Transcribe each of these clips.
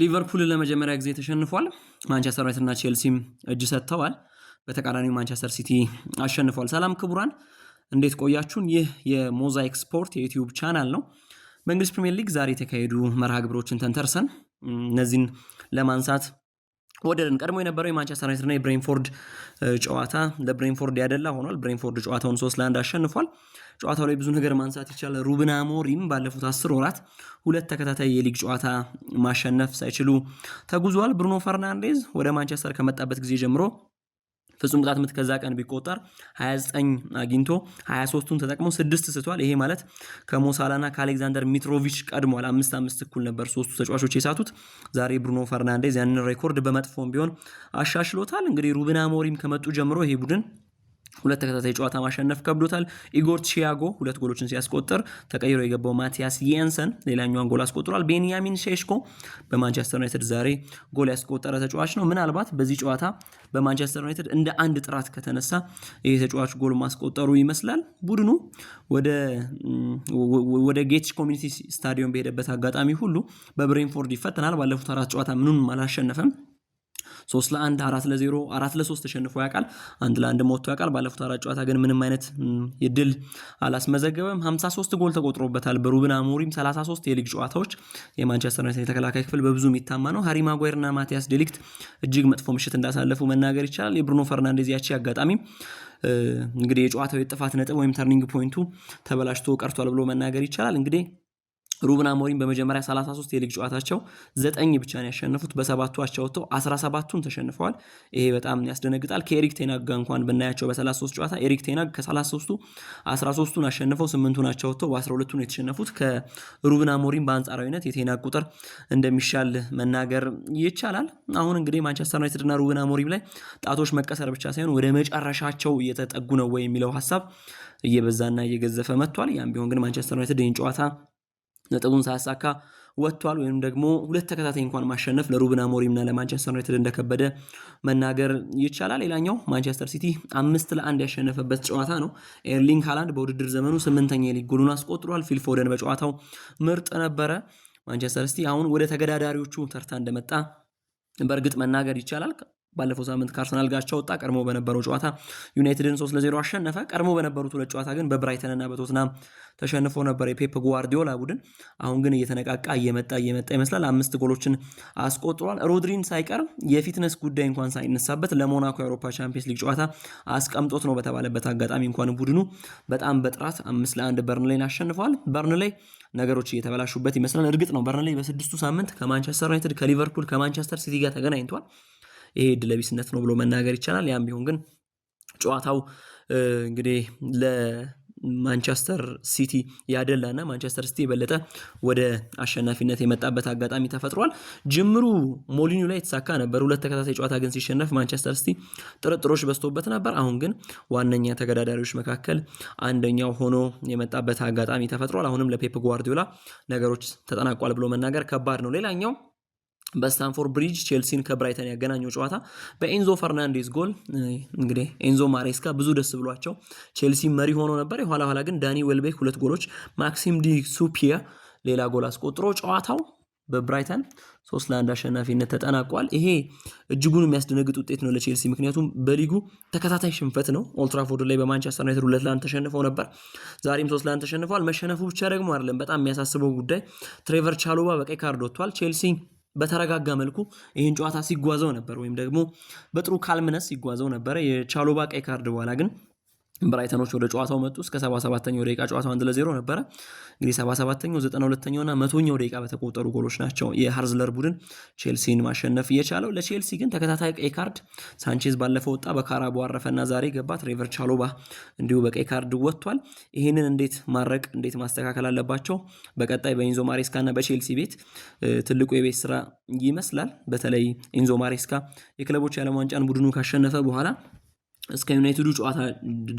ሊቨርፑል ለመጀመሪያ ጊዜ ተሸንፏል። ማንቸስተር ዩናይትድ እና ቼልሲም እጅ ሰጥተዋል። በተቃራኒው ማንቸስተር ሲቲ አሸንፏል። ሰላም ክቡራን እንዴት ቆያችሁን? ይህ የሞዛይክ ስፖርት የዩትዩብ ቻናል ነው። በእንግሊዝ ፕሪምየር ሊግ ዛሬ የተካሄዱ መርሃ ግብሮችን ተንተርሰን እነዚህን ለማንሳት ወደደን ቀድሞ የነበረው የማንቸስተር ዩናይትድና የብሬንፎርድ ጨዋታ ለብሬንፎርድ ያደላ ሆኗል። ብሬንፎርድ ጨዋታውን ሶስት ለአንድ አሸንፏል። ጨዋታው ላይ ብዙ ነገር ማንሳት ይቻላል። ሩበን አሞሪም ባለፉት አስር ወራት ሁለት ተከታታይ የሊግ ጨዋታ ማሸነፍ ሳይችሉ ተጉዟል። ብሩኖ ፈርናንዴዝ ወደ ማንቸስተር ከመጣበት ጊዜ ጀምሮ ፍጹም ቅጣት ምት ከዛ ቀን ቢቆጠር 29 አግኝቶ 23ቱን ተጠቅሞ ስድስት ስቷል። ይሄ ማለት ከሞሳላና ከአሌክዛንደር ሚትሮቪች ቀድሟል። አምስት አምስት እኩል ነበር ሶስቱ ተጫዋቾች የሳቱት። ዛሬ ብሩኖ ፈርናንዴዝ ያንን ሬኮርድ በመጥፎም ቢሆን አሻሽሎታል። እንግዲህ ሩበን አሞሪም ከመጡ ጀምሮ ይሄ ቡድን ሁለት ተከታታይ ጨዋታ ማሸነፍ ከብዶታል። ኢጎር ቺያጎ ሁለት ጎሎችን ሲያስቆጥር ተቀይሮ የገባው ማቲያስ የንሰን ሌላኛዋን ጎል አስቆጥሯል። ቤንያሚን ሼሽኮ በማንቸስተር ዩናይትድ ዛሬ ጎል ያስቆጠረ ተጫዋች ነው። ምናልባት በዚህ ጨዋታ በማንቸስተር ዩናይትድ እንደ አንድ ጥራት ከተነሳ ይህ ተጫዋች ጎል ማስቆጠሩ ይመስላል። ቡድኑ ወደ ጌትሽ ኮሚኒቲ ስታዲየም በሄደበት አጋጣሚ ሁሉ በብሬንፎርድ ይፈተናል። ባለፉት አራት ጨዋታ ምኑንም አላሸነፈም። ሶስት ለአንድ አራት ለዜሮ አራት ለሶስት ተሸንፎ ያውቃል። አንድ ለአንድ ወጥቶ ያውቃል። ባለፉት አራት ጨዋታ ግን ምንም አይነት ድል አላስመዘገበም። 53 ጎል ተቆጥሮበታል በሩብን አሞሪም 33 የሊግ ጨዋታዎች። የማንቸስተር ዩናይትድ የተከላካይ ክፍል በብዙ የሚታማ ነው። ሃሪ እና ማቲያስ ዴሊክት እጅግ መጥፎ ምሽት እንዳሳለፉ መናገር ይቻላል። የብሩኖ ፈርናንዴዝ ያቺ አጋጣሚ እንግዲህ የጨዋታው የጥፋት ነጥብ ወይም ተርኒንግ ፖይንቱ ተበላሽቶ ቀርቷል ብሎ መናገር ይቻላል እንግዲህ ሩበን አሞሪም በመጀመሪያ 33 የሊግ ጨዋታቸው ዘጠኝ ብቻ ነው ያሸነፉት። በሰባቱ አቻ ወጥተው 17ቱን ተሸንፈዋል። ይሄ በጣም ያስደነግጣል። ከኤሪክ ቴናግ ጋር እንኳን ብናያቸው በ33 ጨዋታ ኤሪክ ቴናግ ከ33ቱ 13ቱን አሸንፈው 8ቱን አቻ ወጥተው በ12ቱ ነው የተሸነፉት። ከሩበን አሞሪም በአንጻራዊነት የቴናግ ቁጥር እንደሚሻል መናገር ይቻላል። አሁን እንግዲህ ማንቸስተር ዩናይትድና ሩበን አሞሪም ላይ ጣቶች መቀሰር ብቻ ሳይሆን ወደ መጨረሻቸው እየተጠጉ ነው ወይ የሚለው ሀሳብ እየበዛና እየገዘፈ መጥቷል። ያም ቢሆን ግን ማንቸስተር ዩናይትድ ይህን ጨዋታ ነጥቡን ሳያሳካ ወጥቷል። ወይም ደግሞ ሁለት ተከታታይ እንኳን ማሸነፍ ለሩብን አሞሪምና ለማንቸስተር ዩናይትድ እንደከበደ መናገር ይቻላል። ሌላኛው ማንቸስተር ሲቲ አምስት ለአንድ ያሸነፈበት ጨዋታ ነው። ኤርሊንግ ሃላንድ በውድድር ዘመኑ ስምንተኛ የሊግ ጎሉን አስቆጥሯል። ፊል ፎደን በጨዋታው ምርጥ ነበረ። ማንቸስተር ሲቲ አሁን ወደ ተገዳዳሪዎቹ ተርታ እንደመጣ በእርግጥ መናገር ይቻላል። ባለፈው ሳምንት ከአርሰናል ጋር ወጣ። ቀድሞ በነበረው ጨዋታ ዩናይትድን 3 ለ0 አሸነፈ። ቀድሞ በነበሩት ሁለት ጨዋታ ግን በብራይተን እና በቶትናም ተሸንፎ ነበር የፔፕ ጓርዲዮላ ቡድን። አሁን ግን እየተነቃቃ እየመጣ እየመጣ ይመስላል። አምስት ጎሎችን አስቆጥሯል። ሮድሪን ሳይቀር የፊትነስ ጉዳይ እንኳን ሳይነሳበት ለሞናኮ የአውሮፓ ቻምፒየንስ ሊግ ጨዋታ አስቀምጦት ነው በተባለበት አጋጣሚ እንኳን ቡድኑ በጣም በጥራት አምስት ለአንድ በርንሌን አሸንፏል። በርንሌይ ነገሮች እየተበላሹበት ይመስላል። እርግጥ ነው በርንሌይ በስድስቱ ሳምንት ከማንቸስተር ዩናይትድ፣ ከሊቨርፑል፣ ከማንቸስተር ሲቲ ጋር ተገናኝቷል። ይሄ ለቢስነት ነው ብሎ መናገር ይቻላል። ያም ቢሆን ግን ጨዋታው እንግዲህ ለማንቸስተር ሲቲ ያደላና ማንቸስተር ሲቲ የበለጠ ወደ አሸናፊነት የመጣበት አጋጣሚ ተፈጥሯል። ጅምሩ ሞሊኒ ላይ የተሳካ ነበር። ሁለት ተከታታይ ጨዋታ ግን ሲሸነፍ ማንቸስተር ሲቲ ጥርጥሮች በዝቶበት ነበር። አሁን ግን ዋነኛ ተገዳዳሪዎች መካከል አንደኛው ሆኖ የመጣበት አጋጣሚ ተፈጥሯል። አሁንም ለፔፕ ጓርዲዮላ ነገሮች ተጠናቋል ብሎ መናገር ከባድ ነው። ሌላኛው በስታንፎርድ ብሪጅ ቼልሲን ከብራይተን ያገናኘው ጨዋታ በኤንዞ ፈርናንዴዝ ጎል እንግዲህ ኤንዞ ማሬስካ ብዙ ደስ ብሏቸው ቼልሲ መሪ ሆኖ ነበር። የኋላ ኋላ ግን ዳኒ ዌልቤክ ሁለት ጎሎች፣ ማክሲም ዲ ሱፒያ ሌላ ጎል አስቆጥሮ ጨዋታው በብራይተን ሶስት ለአንድ አሸናፊነት ተጠናቋል። ይሄ እጅጉን የሚያስደነግጥ ውጤት ነው ለቼልሲ፣ ምክንያቱም በሊጉ ተከታታይ ሽንፈት ነው። ኦልትራፎርድ ላይ በማንቸስተር ዩናይትድ ሁለት ለአንድ ተሸንፈው ነበር። ዛሬም ሶስት ለአንድ ተሸንፈዋል። መሸነፉ ብቻ ደግሞ አይደለም። በጣም የሚያሳስበው ጉዳይ ትሬቨር ቻሎባ በቀይ ካርድ ወጥቷል። ቼልሲ በተረጋጋ መልኩ ይህን ጨዋታ ሲጓዘው ነበር፣ ወይም ደግሞ በጥሩ ካልምነስ ሲጓዘው ነበረ። የቻሎባ ቀይ ካርድ በኋላ ግን ብራይተኖች ወደ ጨዋታው መጡ። እስከ 77ኛው ደቂቃ ጨዋታው አንድ ለዜሮ ነበረ። እንግዲህ 77ኛው፣ 92ኛው እና መቶኛው ደቂቃ በተቆጠሩ ጎሎች ናቸው የሃርዝለር ቡድን ቼልሲን ማሸነፍ የቻለው። ለቼልሲ ግን ተከታታይ ቀይ ካርድ ሳንቼዝ ባለፈው ወጣ፣ በካራቦ አረፈና ዛሬ ገባ። ትሬቨር ቻሎባ እንዲሁ በቀይ ካርድ ወጥቷል። ይህንን እንዴት ማድረቅ እንዴት ማስተካከል አለባቸው? በቀጣይ በኢንዞ ማሬስካ እና በቼልሲ ቤት ትልቁ የቤት ስራ ይመስላል። በተለይ ኢንዞ ማሬስካ የክለቦች የዓለም ዋንጫን ቡድኑ ካሸነፈ በኋላ እስከ ዩናይትዱ ጨዋታ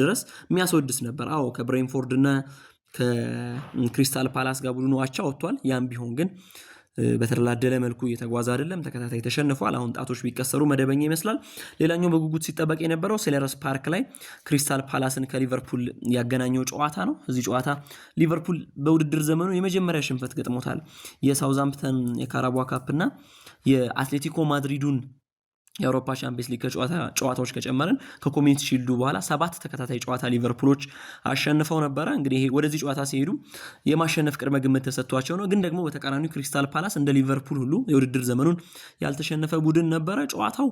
ድረስ የሚያስወድስ ነበር። አዎ ከብሬንፎርድ እና ከክሪስታል ፓላስ ጋር ቡድኑ አቻ ወጥቷል። ያም ቢሆን ግን በተደላደለ መልኩ እየተጓዘ አይደለም። ተከታታይ ተሸንፏል። አሁን ጣቶች ቢቀሰሩ መደበኛ ይመስላል። ሌላኛው በጉጉት ሲጠበቅ የነበረው ሴለረስ ፓርክ ላይ ክሪስታል ፓላስን ከሊቨርፑል ያገናኘው ጨዋታ ነው። እዚህ ጨዋታ ሊቨርፑል በውድድር ዘመኑ የመጀመሪያ ሽንፈት ገጥሞታል። የሳውዛምፕተን የካራቧ ካፕ እና የአትሌቲኮ ማድሪዱን የአውሮፓ ቻምፒየንስ ሊግ ጨዋታዎች ከጨመርን ከኮሚኒቲ ሺልዱ በኋላ ሰባት ተከታታይ ጨዋታ ሊቨርፑሎች አሸንፈው ነበረ። እንግዲህ ወደዚህ ጨዋታ ሲሄዱ የማሸነፍ ቅድመ ግምት ተሰጥቷቸው ነው። ግን ደግሞ በተቃራኒው ክሪስታል ፓላስ እንደ ሊቨርፑል ሁሉ የውድድር ዘመኑን ያልተሸነፈ ቡድን ነበረ። ጨዋታው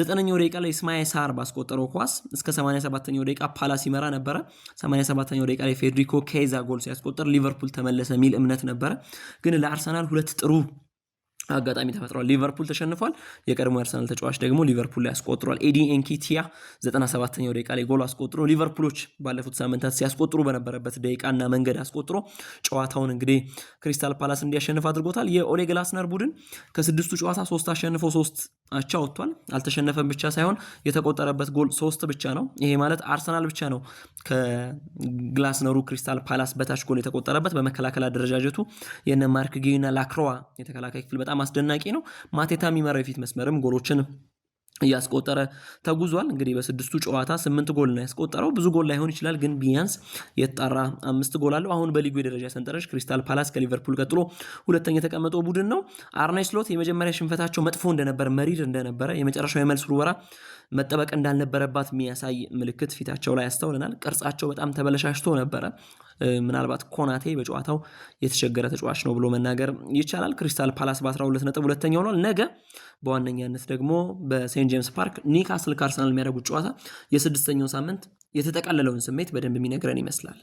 ዘጠነኛው ደቂቃ ላይ ኢስማኤል ሳር ባስቆጠረው ኳስ እስከ 87ኛው ደቂቃ ፓላስ ይመራ ነበረ። 87ኛው ደቂቃ ላይ ፌዴሪኮ ኬዛ ጎል ሲያስቆጠር ሊቨርፑል ተመለሰ የሚል እምነት ነበረ። ግን ለአርሰናል ሁለት ጥሩ አጋጣሚ ተፈጥሯል። ሊቨርፑል ተሸንፏል። የቀድሞ የአርሰናል ተጫዋች ደግሞ ሊቨርፑል ላይ አስቆጥሯል። ኤዲ ኤንኪቲያ 97ኛው ደቂቃ ላይ ጎል አስቆጥሮ ሊቨርፑሎች ባለፉት ሳምንታት ሲያስቆጥሩ በነበረበት ደቂቃና መንገድ አስቆጥሮ ጨዋታውን እንግዲህ ክሪስታል ፓላስ እንዲያሸንፍ አድርጎታል። የኦሌ ግላስነር ቡድን ከስድስቱ ጨዋታ ሶስት አሸንፎ ሶስት አቻ ወጥቷል። አልተሸነፈም ብቻ ሳይሆን የተቆጠረበት ጎል ሶስት ብቻ ነው። ይሄ ማለት አርሰናል ብቻ ነው ከግላስነሩ ክሪስታል ፓላስ በታች ጎል የተቆጠረበት። በመከላከል አደረጃጀቱ የነ ማርክ ላክሮዋ የተከላካይ ክፍል በጣም አስደናቂ ነው። ማቴታ የሚመራው የፊት መስመርም ጎሎችን እያስቆጠረ ተጉዟል። እንግዲህ በስድስቱ ጨዋታ ስምንት ጎል ነው ያስቆጠረው። ብዙ ጎል ላይሆን ይችላል፣ ግን ቢያንስ የተጣራ አምስት ጎል አለው። አሁን በሊጉ የደረጃ ሰንጠረዥ ክሪስታል ፓላስ ከሊቨርፑል ቀጥሎ ሁለተኛ የተቀመጠው ቡድን ነው። አርነ ስሎት የመጀመሪያ ሽንፈታቸው መጥፎ እንደነበረ፣ መሪር እንደነበረ፣ የመጨረሻው የመልስ ውርወራ መጠበቅ እንዳልነበረባት የሚያሳይ ምልክት ፊታቸው ላይ ያስተውልናል። ቅርጻቸው በጣም ተበለሻሽቶ ነበረ። ምናልባት ኮናቴ በጨዋታው የተቸገረ ተጫዋች ነው ብሎ መናገር ይቻላል። ክሪስታል ፓላስ በ12 ነጥብ ሁለተኛ ሆኗል። ነገ በዋነኛነት ደግሞ በሴንት ጄምስ ፓርክ ኒካስል ከአርሰናል የሚያደርጉት ጨዋታ የስድስተኛው ሳምንት የተጠቃለለውን ስሜት በደንብ የሚነግረን ይመስላል።